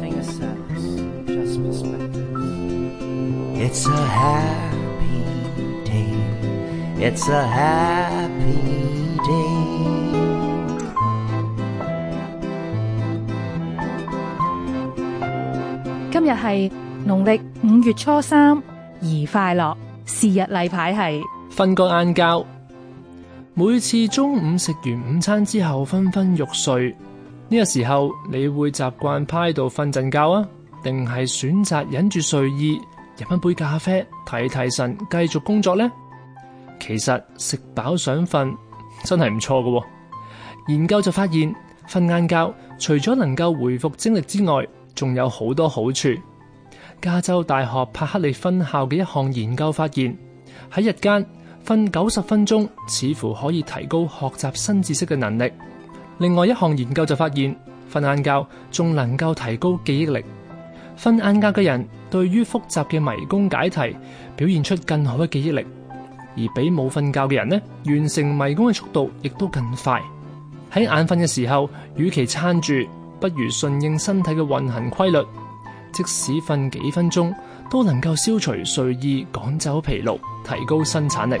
It's a happy day. It's a happy day. 今日係農曆五月初三，宜快樂日，是日例牌係瞓個晏覺。每次中午食完午餐之後，紛紛欲睡。呢個時候你會習慣趴喺度瞓陣覺啊，定係選擇忍住睡意，飲一杯咖啡提提神，繼續工作呢？其實食飽想瞓真係唔錯嘅。研究就發現，瞓晏覺除咗能夠回復精力之外，仲有好多好處。加州大學柏克利分校嘅一項研究發現，喺日間瞓九十分鐘，似乎可以提高學習新知識嘅能力。另外，一項研究就發現，瞓晏覺仲能夠提高記憶力。瞓晏覺嘅人對於複雜嘅迷宮解題表現出更好嘅記憶力，而比冇瞓覺嘅人呢，完成迷宮嘅速度亦都更快。喺眼瞓嘅時候，與其撐住，不如順應身體嘅運行規律，即使瞓幾分鐘，都能夠消除睡意，趕走疲勞，提高生產力。